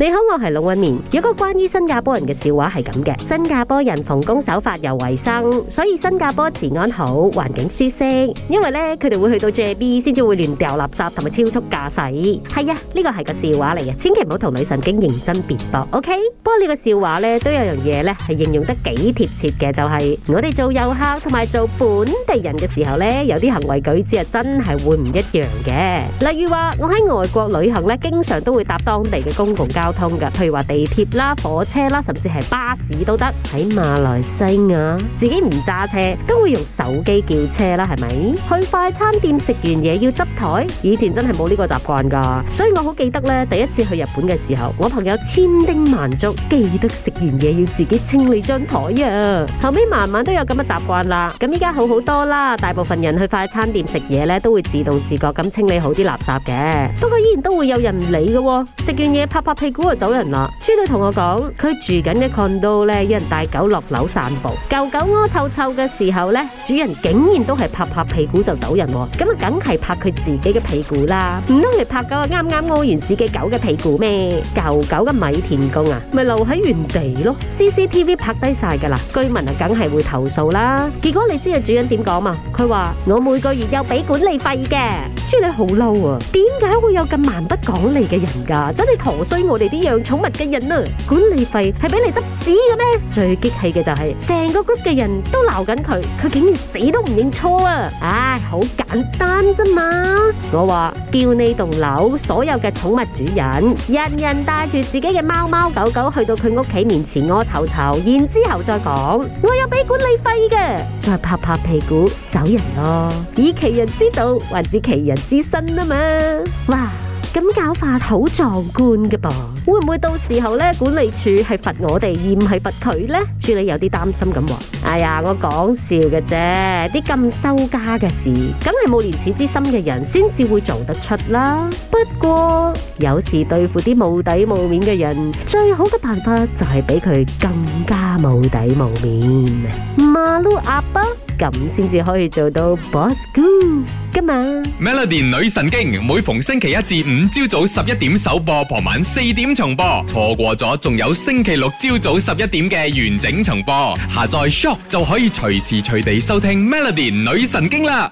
你好，我係龍紋敏。有個關於新加坡人嘅笑話係咁嘅：新加坡人奉公守法又衛生，所以新加坡治安好，環境舒適。因為呢，佢哋會去到 J B 先至會亂掉垃,垃圾同埋超速駕駛。係啊，呢、這個係個笑話嚟嘅，千祈唔好同女神經認真辯駁。O K。不過呢個笑話呢都有樣嘢咧係形容得幾貼切嘅，就係、是、我哋做遊客同埋做本地人嘅時候呢，有啲行為舉止啊真係會唔一樣嘅。例如話我喺外國旅行咧，經常都會搭當地嘅公共交通噶，譬如話地鐵啦、火車啦，甚至係巴士都得。喺馬來西亞，自己唔揸車，都會用手機叫車啦，係咪？去快餐店食完嘢要執台，以前真係冇呢個習慣噶，所以我好記得咧，第一次去日本嘅時候，我朋友千叮萬囑記得食完嘢要自己清理張台啊。後尾慢慢都有咁嘅習慣啦，咁依家好好多啦。大部分人去快餐店食嘢咧，都會自動自覺咁清理好啲垃圾嘅。不過依然都會有人唔理噶喎，食完嘢拍拍屁估啊、哦、走人啦！豬女同我講，佢住緊嘅 condo 咧，有人帶狗落樓散步，狗狗屙臭臭嘅時候咧，主人竟然都係拍拍屁股就走人喎。咁啊梗係拍佢自己嘅屁股啦，唔通你拍狗啊，啱啱屙完屎嘅狗嘅屁股咩？狗狗嘅米田共啊，咪留喺原地咯，CCTV 拍低晒噶啦，居民啊梗係會投訴啦。結果你知啊主人點講嘛？佢話我每個月有俾管理費嘅。豬女好嬲啊，點解會有咁蠻不講理嘅人噶、啊？真係陀衰我哋！啲養寵物嘅人啊，管理費係俾你執屎嘅咩？最激氣嘅就係、是、成個 group 嘅人都鬧緊佢，佢竟然死都唔認錯啊！唉、哎，好簡單啫嘛。我話叫你棟樓所有嘅寵物主人，人人帶住自己嘅貓貓狗狗去到佢屋企面前屙臭臭，然之後再講，我有俾管理費嘅，再拍拍屁股，走人咯、啊。以其人之道還治其人之身啊嘛！哇！咁搞法好壯觀嘅噃，會唔會到時候咧管理處係罰我哋，而唔係罰佢咧？朱莉有啲擔心咁話，哎呀，我講笑嘅啫，啲咁收家嘅事，梗係冇廉恥之心嘅人先至會做得出啦。不過，有時對付啲冇底冇面嘅人，最好嘅辦法就係俾佢更加冇底冇面，馬路阿伯，咁先至可以做到 boss cool 㗎嘛。Melody 女神經每逢星期一至五朝早十一點首播，傍晚四點重播，錯過咗仲有星期六朝早十一點嘅完整重播。下載 Shock 就可以隨時隨地收聽 Melody 女神經啦。